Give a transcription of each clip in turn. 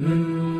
Mm.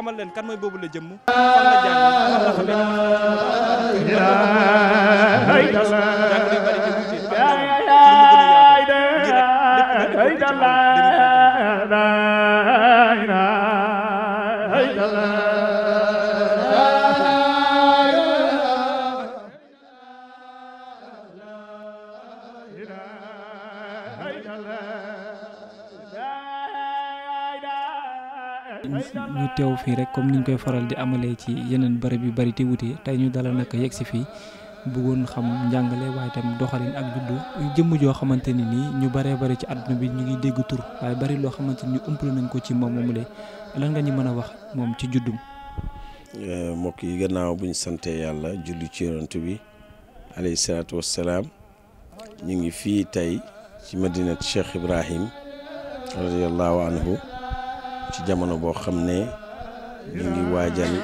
xamal leen kan mooy boobu la jëmm fan la jàng teew fii rek comme niñ koy faral di amalee ci yeneen bërëb yu bari te wute tey ñu dala nag yegg si fii bëggoon xam njàngale waaye tam doxalin ak juddu jëmm joo xamante ni nii ñu baree bari ci àdduna bi ñu ngi dégg tur waaye bari loo xamante ni ëmp nañ ko ci moom moomu la lan nga ñu mën a wax moom ci juddum. Euh, mbokk yi gannaaw bu santee yàlla julli ci yonent bi alayhi salaatu wassalaam ñu ngi fii tey ci madinat Cheikh Ibrahim radiyallahu anhu ci jamono boo xam ne ñu ngi waajal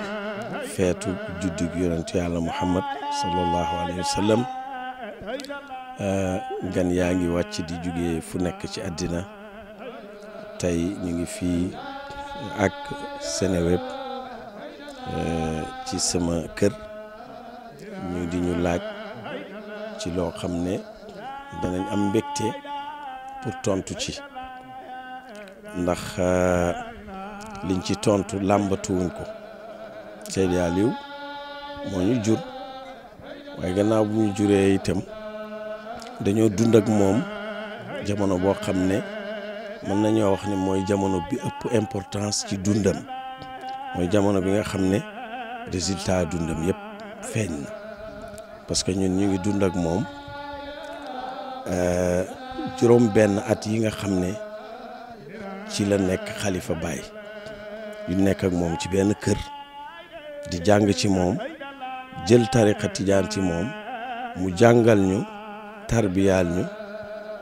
feetu juddug yonentu la muhammad sallallahu alayhi wa uh, gan yaa ngi wàcc di jóge fu nekk ci àddina tey ñu ngi fii ak Seneweb uh, ci sama kër ñu di ñu laaj ci loo xam ne danañ am mbégte pour tontu ci ndax uh, liñ ci tontu làmbatuwuñ ko Seydi Aliou moo ñu jur waaye gannaaw bu ñu juree itam dañoo dund ak moom jamono boo xam ne mën nañoo wax ne mooy jamono bi ëpp importance ci dundam mooy jamono bi nga xam ne résultat dundam yëpp feeñ na parce que ñun ñu ngi dund ak moom euh, juróom benn at yi nga xam ne ci la nekk xalifa Baye yu nekk ak moom ci benn kër di jàng ci moom jël tariqa tijaan ci moom mu jàngal ñu tarbiyaal ñu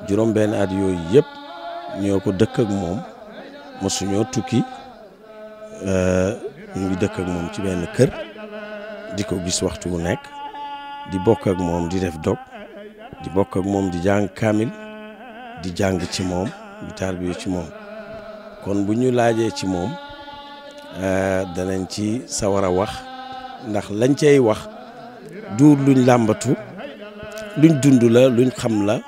juróom benn at yooyu yëpp ñoo ko dëkk ak moom mosuñoo tukki euh, ñu ngi dëkk ak moom ci benn kër di ko gis waxtu wu nekk di bokk ak moom di def dog di bokk ak moom di jàng kaamil di jàng ci moom di tarbiyu ci moom kon bu ñu laajee ci moom Euh, danañ ci sawar a wax ndax lañ cay wax du luñ làmbatu luñ dund la luñ xam la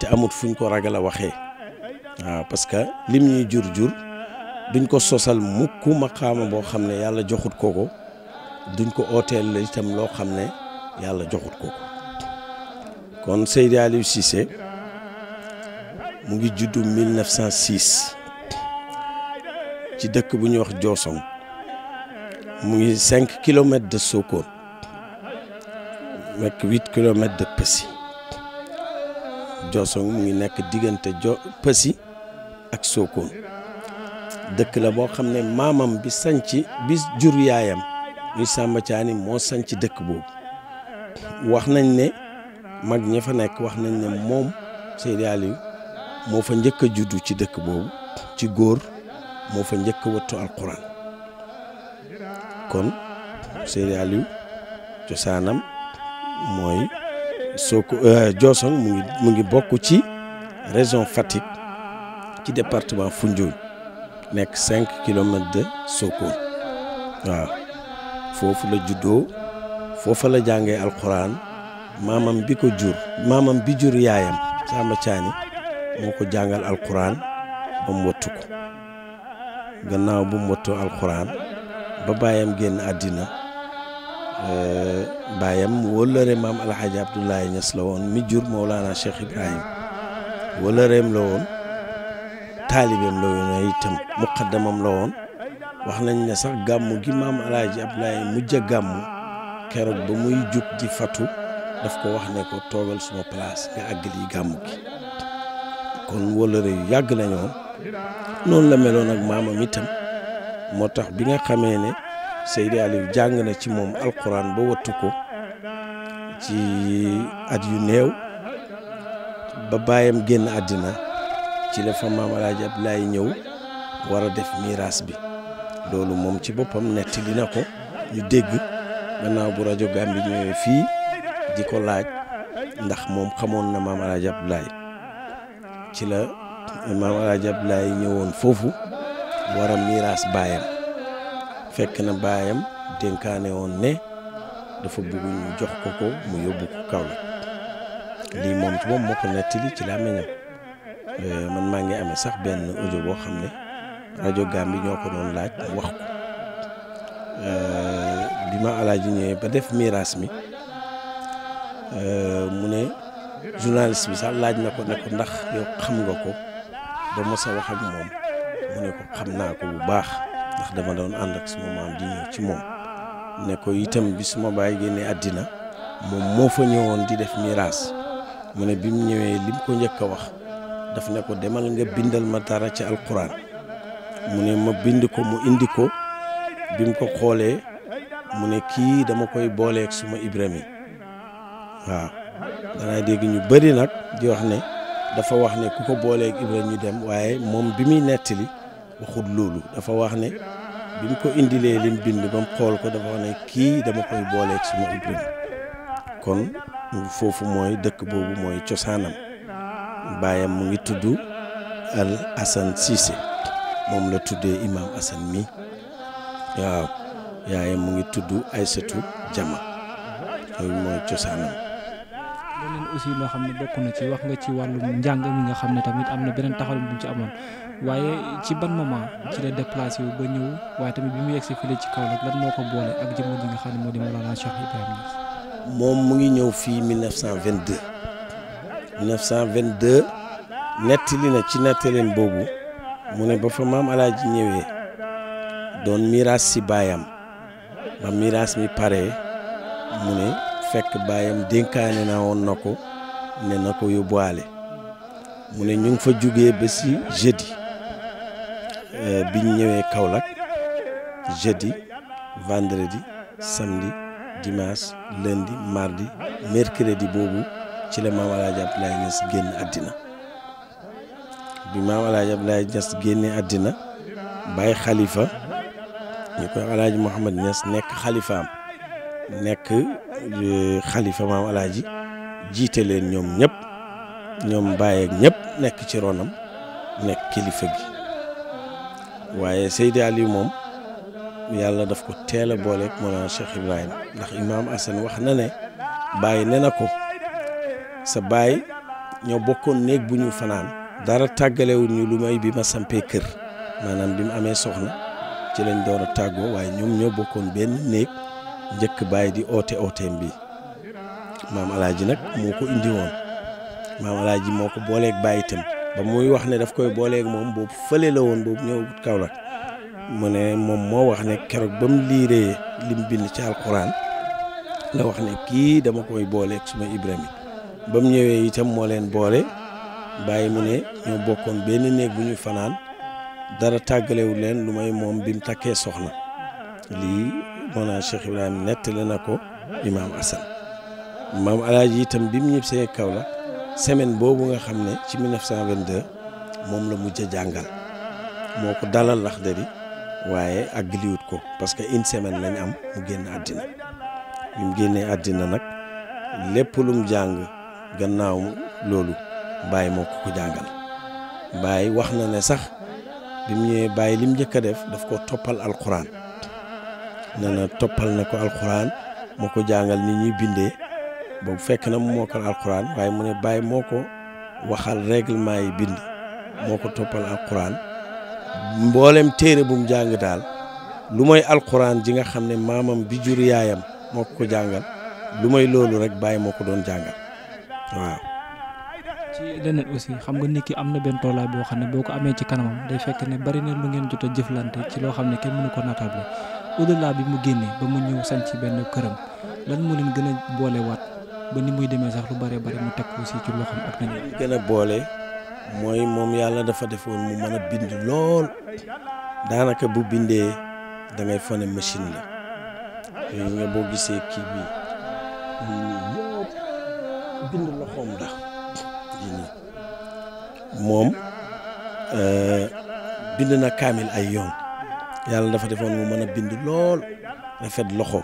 te amut fuñ ko ragal a waxee waaw parce que lim ñuy jur jur duñ ko sosal mukk maqaama boo xam ne yàlla joxut ko ko duñ ko otel la itam loo xam ne yàlla joxut ko ko kon Seydi Aliou Cissé mu ngi juddu 1906 ci dëkk bu ñuy wax Diossong mu ngi cinq kilomètres de Sokone nekk huit kilomètres de Passy Diossong mu ngi nekk diggante jo Passy ak Sokone dëkk la boo xam ne maamam bi sanc bi jur yaayam muy Samba Thiani moo sanc dëkk boobu wax nañ ne mag ñi fa nekk wax nañ ne moom Seydi Aliou moo fa njëkk a juddu ci dëkk boobu ci góor moo fa njëkk wattu alquran kon Seydi Aliou cosaanam mooy soo ko Diossong euh, mu ngi mu ngi bokk ci région Fatick ci département Foundiougne nekk cinq kilomètres de Sokone waaw foofu la juddoo foofa la jàngee alxuraan maamam bi ko jur maamam bi jur yaayam Samba moo ko jàngal alquran ba mu wattu ko gannaaw bu mottoo alxuraan ba baayam génn àddina eh, baayam wóllëre maam alxaaji Abdoulaye Niass la woon mi jur Mawlana Cheikh Ibrahim wóllëreem la woon taalibeem la woon itam muqaddamam la woon wax nañ ne sax gàmmu gi maam alxaaji Abdoulaye mujj a gàmmu keroog ba muy jub di fatu daf ko wax ne ko toogal suma place nga àggali gàmmu gi kon wóllëre yu yàgg lañu noonu la meloon ak maamam itam moo tax bi nga xamee ne Seydi Aliou jàng na ci moom alxuraan ba wattu ko ci at yu néew ba baayam génn àddina ci la fa maam Alaaji Abdoulaye ñëw war a def miraas bi loolu moom ci boppam nettali na ko ñu dégg gannaaw bu rajo Gàmbi ñëwee fii di ko laaj ndax moom xamoon na maam Alaaji Abdoulaye ci la maam ñëwoon foofu war a miiras fekk na baayam dénkaane woon ne dafa bëgg ñu jox moom ci moom ci laa meñam euh, man maa ngi amee sax benn audio boo xam ne rajo Gàmbi ñoo ko doon laaj wax ko euh, bi ma alaaji ñëwee ba def miiras mi euh, mu ne journaliste bi sax laaj na ko ne ko ndax xam nga ko ba mos a wax moom mu ne ko xam naa ko bu baax ndax dama doon ànd ak suma maam di ñëw ci moom ne ko itam bi suma baay génnee àddina moom moo fa ñëwoon di def miraas mu ne bi mu ñëwee lim ko njëkk a wax daf ne ko demal nga bindal ma dara ci alquran mu ne ma bind ko mu indi ko bi mu ko xoolee mu ne kii dama koy booleeg suma Ibrahima waaw danaa dégg ñu bari nag di wax ne. dafa wax ne ku ko booleeg Ibra ñu dem waaye moom bi muy nettali waxut loolu dafa wax ne bi mu ko indilee lim bind ba mu xool ko dafa wax ne kii dama koy booleeg suma Ibra kon foofu mooy dëkk boobu mooy cosaanam baayam mu ngi tudd al Assane Cissé moom la tuddee imam Assane mi waaw yaayam mu ngi tudd Aysatu Jama loolu mooy cosaanam leneen aussi loo xam ne bokk na ci wax nga ci wàllu njàng mi nga xam ne tamit am na beneen taxawal bu ci amoon waaye ci ban moment ci la déplacé wu ñëw waaye tamit bi mu ci Kaolack lan moo ko boole ak jëmm ji nga xam ne moo di Mawlana Cheikh Ibrahima Niass. moom mu ngi ñëw fii 1922 1922 nettali na ci nettaleen boobu mu ne ba fa maam Alaaji ñëwee doon miraas si baayam ba miraas mi pare mu ne. fekk baayam dénkaane na woon na ko ne na ko yóbbuwaale mu ne ñu ngi fa jóge ba si jeudi euh, bi ñu ñëwee Kaolack jeudi vendredi samedi dimanche lundi mardi mercredi boobu ci la maam Alaaji Abdoulaye Niass génn àddina bi maam Alaaji Abdoulaye Niass génnee àddina bàyyi xalifa ñu koy Alaaji Mouhamed Niass nekk xalifaam nekk e, xalifa maam alaaji jiite leen ñoom ñëpp ñoom bàyyeek ak ñëpp nekk ci ronam nekk kilifa gi waaye Seydi yi moom yàlla daf ko teel a booleeg Mawlana Cheikh Ibrahima ndax Imaam Hassan wax na ne bàyyi ne na ko sa baay ñoo bokkoon néeg bu ñu fanaan dara tàggalewuñu lu may bi ma sampee kër maanaam bi mu amee soxna ci lañ door a tàggoo waaye ñoom ñoo bokkoon benn néeg njëkk bàyyi di oote ooteem bi maam alaaji nag moo ko indi woon maam alaaji moo ko booleeg bàyyi tam ba muy wax ne daf koy booleeg moom boobu fële la woon boobu ñëw Kaolack mu ne moom moo wax ne keroog ba mu liiree lim bind ci alxuraan la wax ne kii dama koy booleeg suma Ibrahima ba mu ñëwee itam moo leen boole bàyyi mu ne ñoo bokkoon benn néeg bu ñu fanaan dara tàggalewu leen lu may moom bi mu takkee soxna moo Mawlana Cheikh Ibrahima nettali na ko imaam Assane maam alaaji itam bi mu ñibbisee la semaine boobu nga xam ne ci 1922 moom la mujj a jàngal moo ko dalal Laxdari waaye àggaliwut ko parce que une semaine lañu am mu génn àddina bi mu génnee àddina nag lépp lum jàng gannaaw loolu bàyyi moo ko ko jàngal bàyyi wax na ne sax bi mu ñëwee bàyyi lim njëkk a def daf ko toppal alxuraan. ne toppal na ko alxuraan moo ko jàngal ni ñuy bindee boobu fekk na mu mokkal alxuraan waaye mu ne bàyyi moo ko waxal règlement yi bind moo ko toppal alxuraan mboolem téere bu mu jàng daal lu mooy alxuraan ji nga xam ne maamam bi jur yaayam moo ko jàngal lu mooy loolu rek bàyyi moo ko doon jàngal waaw. ci leneen aussi xam nga nikki am na benn toolaay boo xam ne boo ko amee ci kanamam day fekk ne bari na lu ngeen jot jëflante ci loo xam ne kenn mënu ko naataable au-delà bi mu génnee ba mu ñëw sañ ci benn këram lan moo leen gën a boolewaat ba ni muy demee sax lu bare bari mu teg aussi ci loxoom ak nañu gën a boole mooy moom yàlla dafa defoon mu mën a bind lool daanaka bu bindee da ngay machine la gisee kii bi lii bind moom euh, bind na kaamil ay yoon yàlla dafa defoon mu mën a bind lool rafet loxo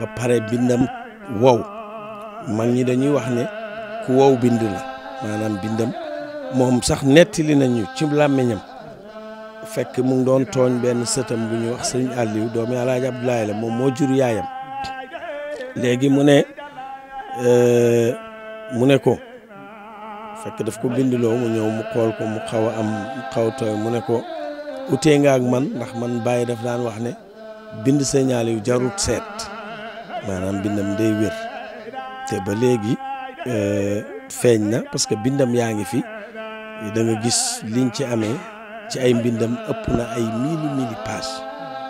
bapare bindam wow mag ñi dañuy wax ne ku wow bind la maanaam bindam moom sax nettali nañu ci làmmiñam fekk mu ngi doon tooñ benn sëtam bu ñuy wax sëñ Aliou doomi Alaaji Abdoulaye la moom moo jur yaayam léegi mu ne euh, mu ne ko fekk def ko bindloo mu ñëw mu xool ko mu xaw a am mu xaw tooy mu ne ko utee nga ak man ndax man bàyyi daf daan wax ne bind signal yu jarut seet maanaam bindam day wér te ba léegi euh, feeñ na parce que bindam yaa ngi fi da nga gis liñ ci amee ci ay mbindam ëpp na ay mille mille page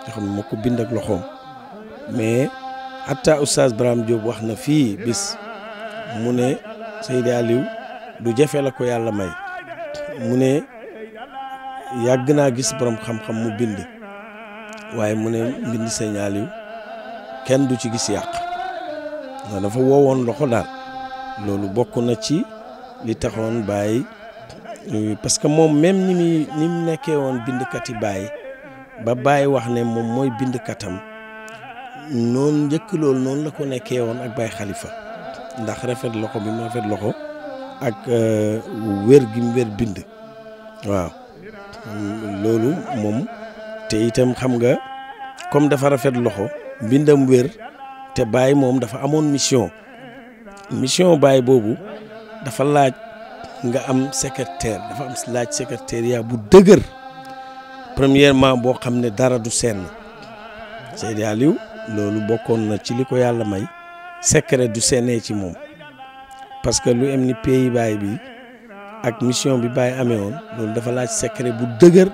yoo xam ne moo ko bind ak loxoom mais hatta oustaz Braham Diop wax na fii bis mu ne Seydi Aliou du jafe la ko yàlla may mu ne yàgg naa gis borom xam-xam mu bind waaye mu ne bind Sëñ Aliou kenn du ci gis yàq ndax dafa woowoon loxo daal loolu bokk na ci li taxoon bàyyi euh, parce que moom même ni muy ni mu nekkee woon bindkat yi bàyyi ba bàyyi wax ne moom mooy bindkatam noonu njëkk loolu noonu la ko nekkee woon ak Baye xalifa ndax rafet loxo bi mu rafet loxo ak euh, wér gi mu wér bind waaw loolu moom te itam xam nga comme dafa rafet loxo mbindam wér te Baye moom dafa amoon mission mission Baye boobu dafa laaj nga am secrétaire dafa am laaj secrétariat bu dëgër premièrement boo xam ne dara du senn Seydi Aliou loolu bokkoon na ci li ko yàlla may secret du seenee ci moom parce que lu em ni pays Baye bi ak mission bi Baye amee woon loolu dafa laaj secret bu dëgër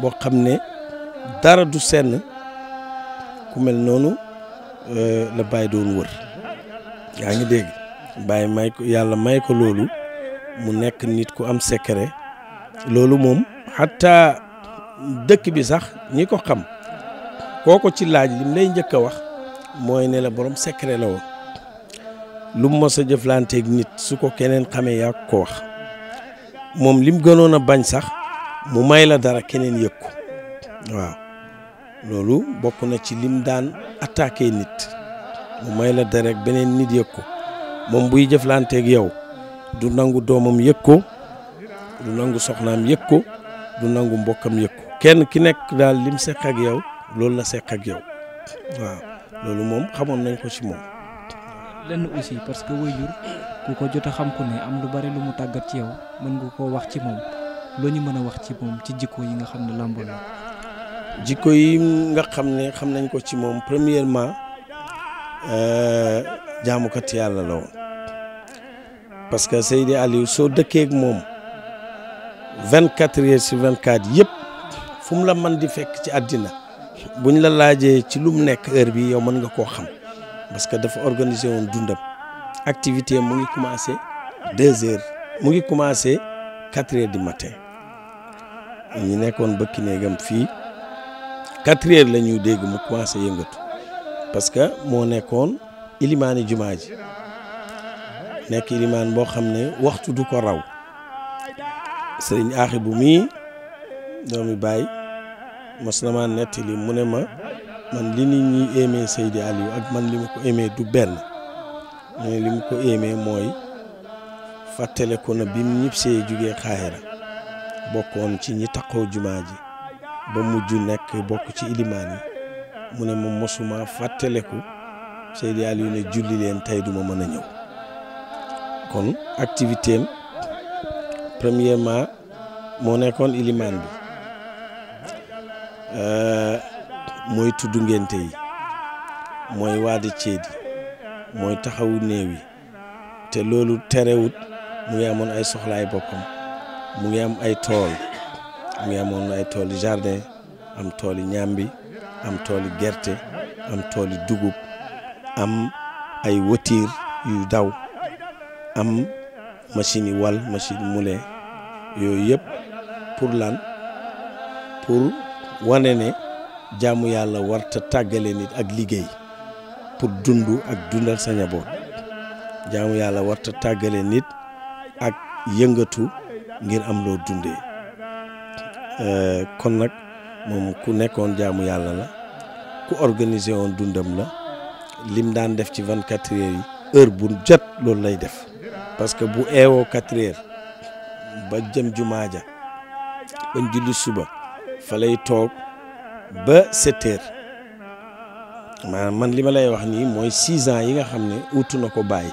boo xam ne dara du senn ku mel noonu euh, la Baye doon wër yaa ngi dégg Baye may ko yàlla may ko loolu mu nekk nit ku am secret loolu moom xataa dëkk bi sax ñi ko xam kooko ci laaj lim lay njëkk a wax mooy ne la borom secret la woon lu mu mos a jëflanteeg nit su ko keneen xamee yaa ko wax. moom li mu gënoon a bañ sax mu may la dara keneen yëg ko waaw loolu bokk na ci lim daan attaqué nit mu may la dara beneen nit yëg ko moom buy jëflanteeg yow du nangu doomam yëg ko du nangu soxnaam yëg ko du nangu mbokkam yëg ko kenn ki nekk daal lim seq ak yow loolu la seq ak yow waaw loolu moom xamoon nañ ko ci moom. ku ko jot a xam ku ne am lu bari lu mu tàggat ci yow mën nga koo wax ci moom loo ñu mën a wax ci moom ci jikko yi nga xam ne làmb la jikko yi nga xam ne xam nañ ko ci moom premièrement euh, jaamukat yàlla la woon parce que Seydi Aliou soo dëkkee moom vingt quatre heures sur vingt quatre yëpp fu mu la man di fekk ci àddina buñ la laajee ci lu mu nekk heure bi yow mën nga koo xam parce que dafa organiser woon dundam activité mu ngi commencé deux heures mu ngi commencé quatre heures du matin ñu nekkoon bëkki néegam fii quatre heures la ñuy dégg mu commencé yëngatu parce que moo nekkoon ilimaani jumaa ji nekk ilimaan boo xam ne waxtu du ko raw sëriñ aaxi bu mii doomi baay mos na ma nettali mu ne ma man li nit ñi aimé Seydi Aliou ak man li ma ko aimé du benn mu ne li mu ko éemee mooy fàttaleku na bi mu ñibbisee jugee xaayara bokkoon ci ñi taxaw jumaa ji ba mujj nekk bokk ci ilimaan yi mu ne ma mosuma fàttaleku Seydi Aliou ne julli leen tey duma mën a ñëw kon activité am premièrement moo nekkoon ilimaan bi euh, mooy tudd ngénte yi mooy waadi ceedi mooy taxawu néew yi te loolu terewut mu ngi amoon ay soxlaay boppam mu ngi am ay tool mu ngi amoon ay tooli jardin am tooli ñambi am tooli gerte am tooli dugub am ay wotiir yu daw am machine yi wal machine mule yooyu yëpp pour lan pour wane ne jaamu yàlla warta tàggale nit ak liggéey pour dund ak dundal sa njaboot jaamu yàlla warta tàggale nit ak yëngatu ngir am loo dundee euh, kon nag moom ku nekkoon jaamu yàlla la ku organiser woon dundam la lim daan def ci vingt quatre heure bu jot loolu lay def parce que bu eewoo quatre ba jëm jumaa ja bañ julli suba fa toog ba sept maanaam man li ma lay wax nii mooy six ans yi nga xam ne utu na ko bàyyi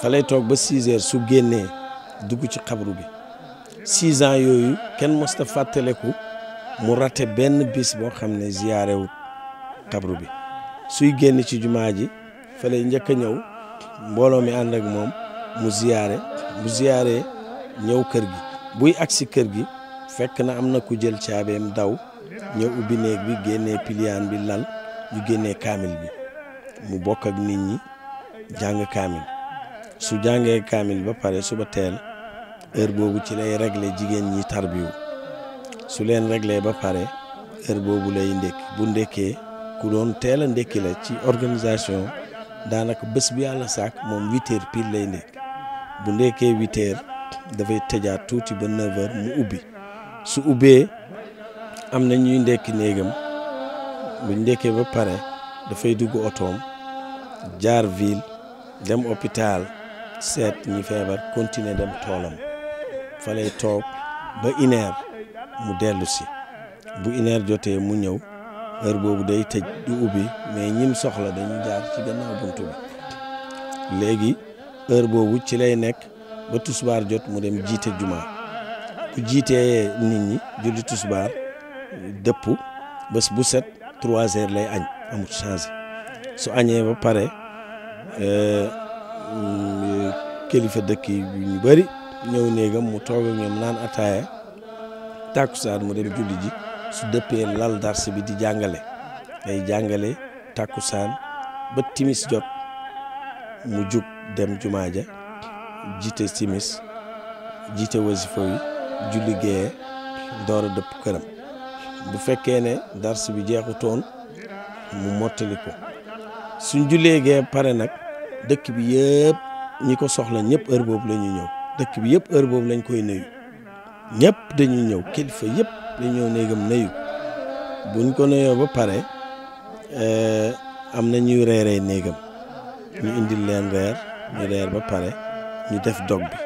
fa toog ba six su génnee dugg ci xabru bi six ans yooyu kenn mosta fàttaleku mu rate benn bis boo xam ne ziyaarewul xabru bi suy génn ci jumaa ji fa njëkk a ñëw mbooloo mi ànd ak moom mu ziyaare mu ziyaaree ñëw kër gi buy agsi kër gi fekk na am na ku jël caabeem daw ñëw ubbi néeg bi génnee piliyaan bi lal ñu génnee kaamil bi mu bokk ak nit ñi jàng kaamil su jàngee kaamil ba pare suba teel heure boobu ci lay réglé jigéen ñi tarbiwu su leen réglé ba pare heure boobu lay ndékki bu ndekkee ku doon teel a ndékki la ci organisation daanaka bés bu yàlla sàkk moom huit heures lay ndékk bu ndekkee huit dafay tëjaat tuuti ba neuf mu ubbi su ubbee am na ñuy ndekki néegam bu ndekkee ba pare dafay dugg otoom jaar ville dem hôpital seet ñi feebar continuer dem toolam fa lay toog ba une mu dellusi si bu une jotee mu ñëw heure boobu day tëj du ubbi mais ñim soxla dañu jaar ci gannaaw buntu bi léegi heure boobu ci lay nekk ba tusbaar jot mu dem jiite jumaa ku jiitee nit ñi julli tusbaar dëpp bés bu set trois heures lay añ amut changé su añee ba pare euh, kilifa dëkk yi ñu bëri ñëw néegam mu toog ak ñoom naan ataaya tàkkusaan mu dem julli ji su dëppee lal dars bi di jàngale day jàngale tàkkusaan ba timis jot mu jug dem jumaa ja jiite timis jiite wasifa julli gee door dëpp këram bu fekkee ne dars bi jeexutoon mu mottali ko suñ jullee gee pare nag dëkk bi yëpp ñi ko soxla ñëpp heure boobu la ñuy ñëw dëkk bi yëpp heure boobu lañ koy nuyu ñëpp dañuy ñëw kilifa yëpp ñëw néegam nuyu buñ ko nuyoo ba pare eh, am na ñuy reere néegam ñu indi leen reer ba pare ñu def dog bi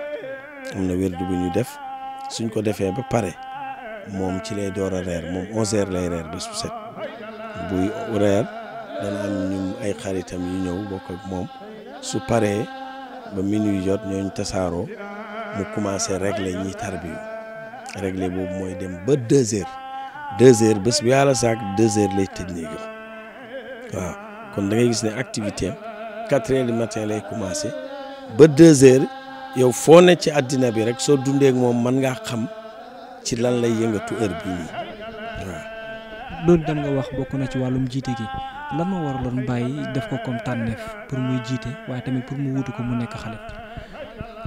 am na wérdu bu ñu def suñ ko defee ba pare moom ci lay door a reer moom 11 lay reer bés bu set buy reer dana am ñun ay xaritam yu ñëw bokk moom su paree ba minuit jot ñooñ tasaaroo mu commencé régler ñiy tarbiyu régler boobu mooy dem ba 2h 2h bés bu yàlla saak 2h lay tëj néegam waaw kon da gis ne activité am 4h matin lay commencé ba 2h yow foo ne ci àddina bi rek soo dundee moom man ngaa xam. ci lan lay yëngatu heure bii nii waaw. loolu dem nga wax bokk na ci wàllum jiite gi lan moo waraloon bàyyi def ko comme tànneef pour muy jiite waaye tamit pour mu wutu ko mu nekk xale.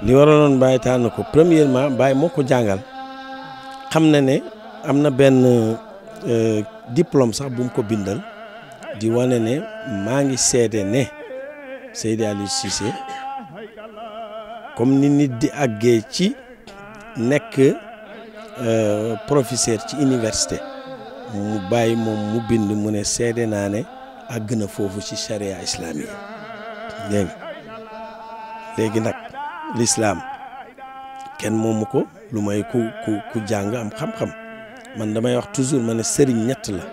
li waraloon bàyyi tànn ko premièrement bàyyi moo ko jàngal xam na ne am na benn euh, diplôme sax bu mu ko bindal di wane ne maa ngi seede ne Seydi Aliou Cissé comme ni nit di àggee ci nekk. Euh, professeur ci université mu bàyyi moom mu bind mu ne seede naa ne àgg na foofu ci charia islamique dégg léegi nag lislaam kenn moomu ko lu may ku ku ku jàng am xam-xam man damay wax toujours ma ne sëriñ ñett la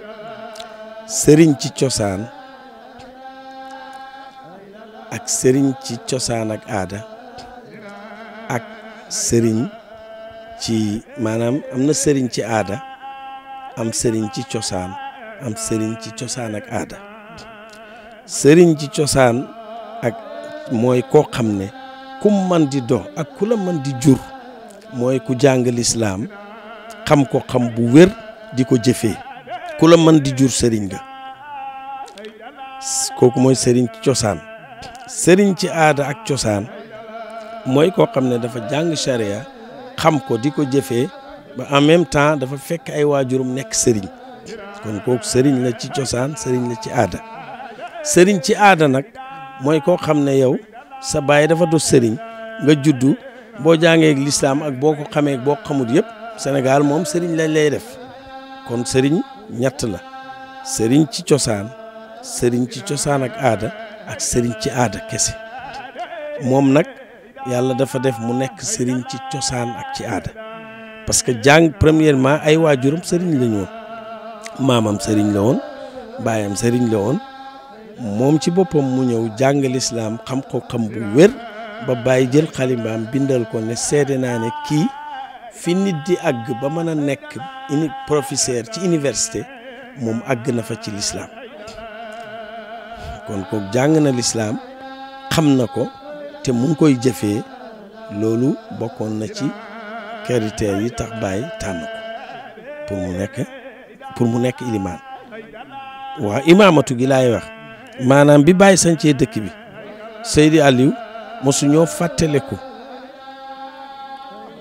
sëriñ ci cosaan ak sëriñ ci cosaan ak aada ak sëriñ ci maanaam am na sëriñ ci aada am sëriñ ci cosaan am sëriñ ci cosaan ak aada sëriñ ci cosaan ak mooy koo xam ne ku man di ak ku man di jur mooy ku jàng lislaam xam ko xam bu wér di ko jëfee ku la man di jur sëriñ la kooku mooy sëriñ ci cosaan sëriñ ci aada ak cosaan mooy koo xam ne dafa jàng charia xam ko di ko jëfee ba en même temps dafa fekk ay waajurum nekk sëriñ kon kooku sëriñ la ci cosaan sëriñ la ci aada sëriñ ci aada nag mooy koo xam ne yow sa baay dafa do sëriñ nga juddu boo jàngee lislaam ak boo ko xamee boo xamut yëpp Sénégal moom sëriñ lañ ley def kon sëriñ ñett la sëriñ ci cosaan sëriñ ci cosaan ak aada ak sëriñ ci aada kese moom nag yàlla dafa def mu nekk sëriñ ci cosaan ak ci aada parce que jàng premièrement ay waajuram sëriñ la ñu woon maamam sëriñ la woon baayam sëriñ la woon moom ci boppam mu ñëw jàng lislaam xam ko xam bu wér ba bàyyi jël xalimbaam bindal ko ne seede naa ne kii fi nit di àgg ba mën a nekk uni professeur ci université moom àgg na fa ci lislaam kon ko jàng na lislaam xam na ko te mu koy jëfee loolu bokkoon na ci critères yi tax bàyyi tànn ko mu nekk pour mu nekk ilimaan waaw imaamatu gi laay wax maanaam bi bàyyi sancee dëkk bi Seydi Aliou mosu ñoo fàttaleku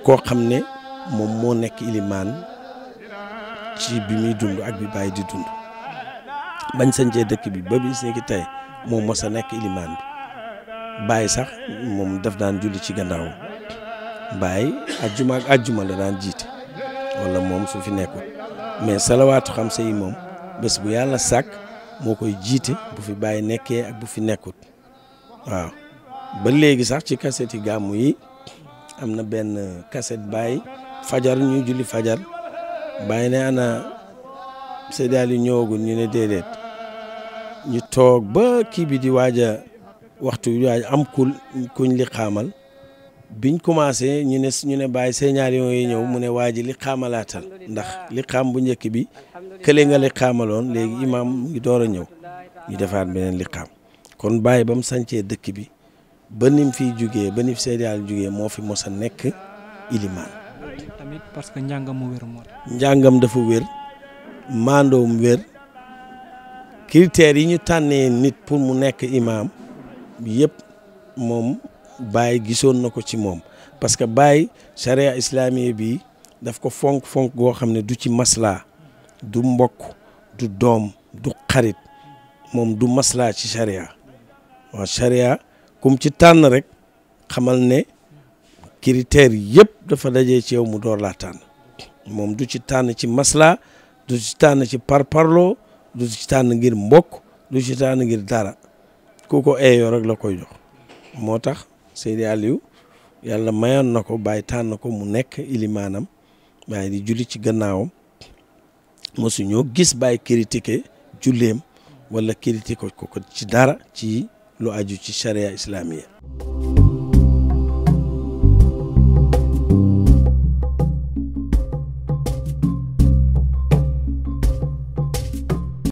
koo xam ne moom moo nekk ilimaan ci bi muy dund ak bi bàyyi di dund bañ sancee dëkk bi ba bis ni tey moom mos a nekk ilimaan bi Baye sax moom daf daan julli ci gannaaw Baye ajjuma ak ajjuma la daan jiite wala moom su fi nekkul mais salawaatu sa yi moom bés bu yàlla sàkk moo koy jiite bu fi bàyyi nekkee ak bu fi nekkut waaw ba léegi sax ci kaset yi gàmmu yi am na benn kaset Baye fajar ñu julli fajar Baye ne ana séddaal yi ñëwagul ñu ne déedéet ñu toog ba kii di waaj waxtu waay am kul kuñ li xaamal biñ commencé ñu ne ñu ne bàyyi signal yooyu ñëw mu ne waa ji li xaamalaatal ndax li xaam bu njëkk bi kële nga li léegi imaam ngi door a ñëw ñu defaat beneen li xaam kon bàyyi ba mu sancee dëkk bi ba nim fi jugee ba ni fi séddaal jugee moo fi mos a nekk ilimaan tamit parce que njàngam mu wér moo njàngam dafa wér maandoom wér critères yi ñu tànnee nit pour mu nekk imaam yëpp moom Baye gisoon na ko ci moom parce que Baye charia islamique bi daf ko fonk fonk goo xam ne du ci maslaa du mbokk du doom du xarit moom du maslaa ci charia waaw charia kum ci tànn rek xamal ne critères yëpp dafa dajee ci yow mu door laa tànn moom du ci tànn ci maslaa du ci tànn ci parparloo du ci tànn ngir mbokk du ci tànn ngir dara ku ko eeyoo rek la koy jox moo tax Seydi yu yàlla mayoon na ko bàyyi tànn ko mu nekk ilimaanam waaye di julli ci gannaawam mosuñoo gis bàyyi kiritike julleem wala critiquer ko ko ci dara ci lu aju ci charia islamiya